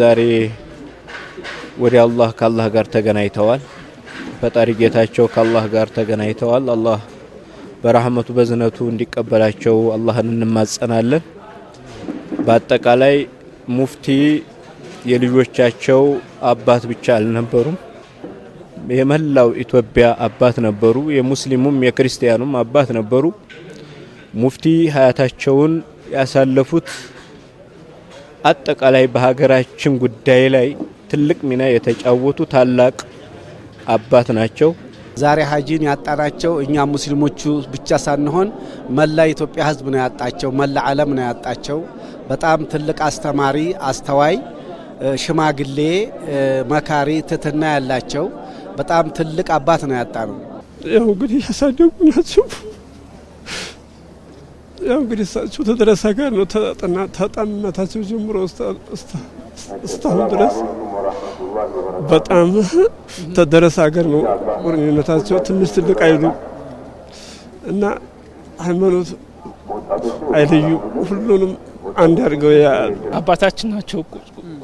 ዛሬ ወደ አላህ ከአላህ ጋር ተገናኝተዋል። ፈጣሪ ጌታቸው ከአላህ ጋር ተገናኝተዋል። አላህ በረህመቱ በዝነቱ እንዲቀበላቸው አላህን እንማጸናለን። በአጠቃላይ ሙፍቲ የልጆቻቸው አባት ብቻ አልነበሩም፣ የመላው ኢትዮጵያ አባት ነበሩ። የሙስሊሙም የክርስቲያኑም አባት ነበሩ። ሙፍቲ ሀያታቸውን ያሳለፉት አጠቃላይ በሀገራችን ጉዳይ ላይ ትልቅ ሚና የተጫወቱ ታላቅ አባት ናቸው። ዛሬ ሀጂን ያጣናቸው እኛ ሙስሊሞቹ ብቻ ሳንሆን መላ ኢትዮጵያ ሕዝብ ነው ያጣቸው፣ መላ ዓለም ነው ያጣቸው። በጣም ትልቅ አስተማሪ፣ አስተዋይ፣ ሽማግሌ፣ መካሪ፣ ትትና ያላቸው በጣም ትልቅ አባት ነው ያጣ ነው። ያው እንግዲህ ያሳደጉ ናቸው። ያው እንግዲህ እሳቸው ተደረሰ ጋር ነው ተጣምነታቸው ጀምሮ እስካሁን ድረስ በጣም ተደረሰ ሀገር ነው ቁርኝነታቸው። ትንሽ ትልቅ አይሉ እና ሃይማኖት አይለዩ ሁሉንም አንድ አድርገው ያሉ አባታችን ናቸው።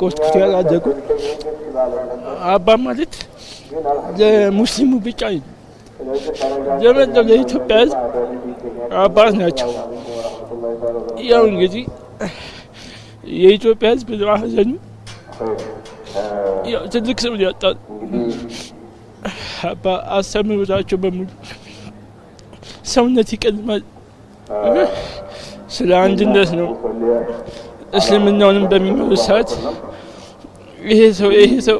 ቆስቁት ያላደጉ አባ ማለት ለሙስሊሙ ብቻ ለመላው ለኢትዮጵያ ሕዝብ አባት ናቸው። ያው እንግዲህ የኢትዮጵያ ሕዝብ ለማህዘኑ ያው ትልቅ ሰው ያጣል። አባ አስተምህሮታቸው በሙሉ ሰውነት ይቀድማል። ስለ አንድነት ነው። እስልምናውንም በሚመሩ ሰዓት ይሄ ሰው ይሄ ሰው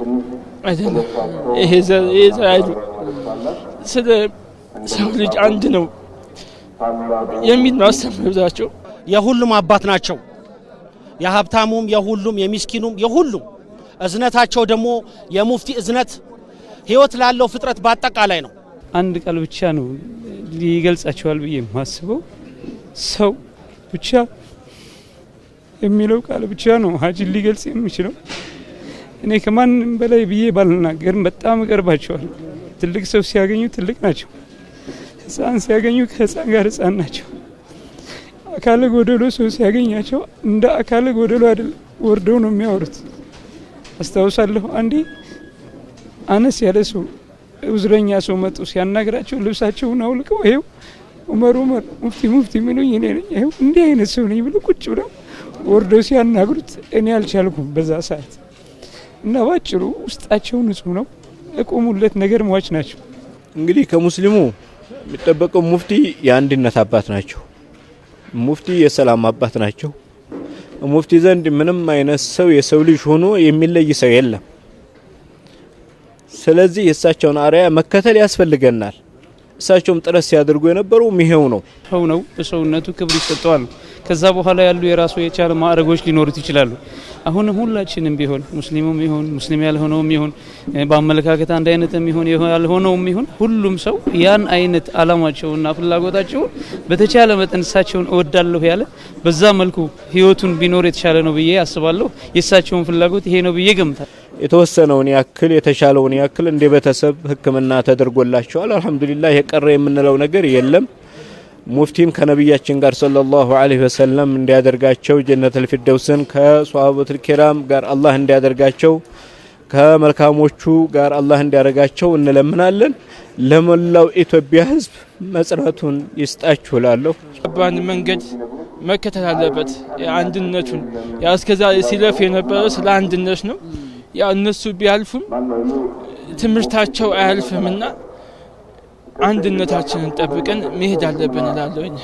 አይደለም፣ ይሄ ዘር ይሄ ዘር ስለ ሰው ልጅ አንድ ነው የሚል ነው የሁሉም አባት ናቸው። የሀብታሙም፣ የሁሉም፣ የሚስኪኑም፣ የሁሉም እዝነታቸው ደግሞ የሙፍቲ እዝነት ህይወት ላለው ፍጥረት በአጠቃላይ ነው። አንድ ቃል ብቻ ነው ሊገልጻቸዋል ብዬ የማስበው ሰው ብቻ የሚለው ቃል ብቻ ነው ሀጅ ሊገልጽ የሚችለው። እኔ ከማንም በላይ ብዬ ባልናገርም በጣም እቀርባቸዋል። ትልቅ ሰው ሲያገኙ ትልቅ ናቸው። ህፃን ሲያገኙ ከህፃን ጋር ህፃን ናቸው። አካለ ጎደሎ ሰው ሲያገኛቸው እንደ አካለ ጎደሎ አይደለም ወርደው ነው የሚያወሩት። አስታውሳለሁ አንዴ አነስ ያለ ሰው እውዝረኛ ሰው መጡ ሲያናግራቸው ልብሳቸውን አውልቀው ይኸው ኡመር ኡመር ሙፍቲ ሙፍቲ የሚሉኝ እኔ ነኝ። ይኸው እንዲህ አይነት ሰው ነኝ ብሎ ቁጭ ብለው ወርደው ሲያናግሩት እኔ አልቻልኩም በዛ ሰዓት እና ባጭሩ ውስጣቸው ንጹህ ነው። እቆሙለት ነገር ሟች ናቸው። እንግዲህ ከሙስሊሙ የሚጠበቀው ሙፍቲ የአንድነት አባት ናቸው። ሙፍቲ የሰላም አባት ናቸው። ሙፍቲ ዘንድ ምንም አይነት ሰው የሰው ልጅ ሆኖ የሚለይ ሰው የለም። ስለዚህ የእሳቸውን አርያ መከተል ያስፈልገናል። እሳቸውም ጥረት ሲያደርጉ የነበረው ይሄው ነው ነው በሰውነቱ ክብር ይሰጠዋል። ከዛ በኋላ ያሉ የራሱ የቻለ ማዕረጎች ሊኖሩት ይችላሉ። አሁንም ሁላችንም ቢሆን ሙስሊሙም ይሁን ሙስሊም ያልሆነውም ይሁን በአመለካከት አንድ አይነትም ይሁን ያልሆነውም ይሁን ሁሉም ሰው ያን አይነት አላማቸውና ፍላጎታቸውን በተቻለ መጠን እሳቸውን እወዳለሁ ያለ በዛ መልኩ ህይወቱን ቢኖር የተሻለ ነው ብዬ አስባለሁ። የእሳቸውን ፍላጎት ይሄ ነው ብዬ ገምታል። የተወሰነውን ያክል የተሻለውን ያክል እንደ ቤተሰብ ሕክምና ተደርጎላቸዋል። አልሐምዱሊላህ የቀረ የምንለው ነገር የለም። ሙፍቲም ከነቢያችን ጋር ሰለላሁ ዐለይሂ ወሰለም እንዲያደርጋቸው ጀነት ፊርደውስን ከሷሃበቱል ኪራም ጋር አላህ እንዲያደርጋቸው ከመልካሞቹ ጋር አላህ እንዲያደርጋቸው እንለምናለን። ለመላው ኢትዮጵያ ሕዝብ መጽናቱን ይስጣችሁ እላለሁ። አባን መንገድ መከተል አለበት። አንድነቱን ያ እስከዛ ሲለፍ የነበረ ስለ አንድነት ነው። ያ እነሱ ቢያልፉም ትምህርታቸው አያልፍምና አንድነታችንን ጠብቀን መሄድ አለብን እላለሁኝ።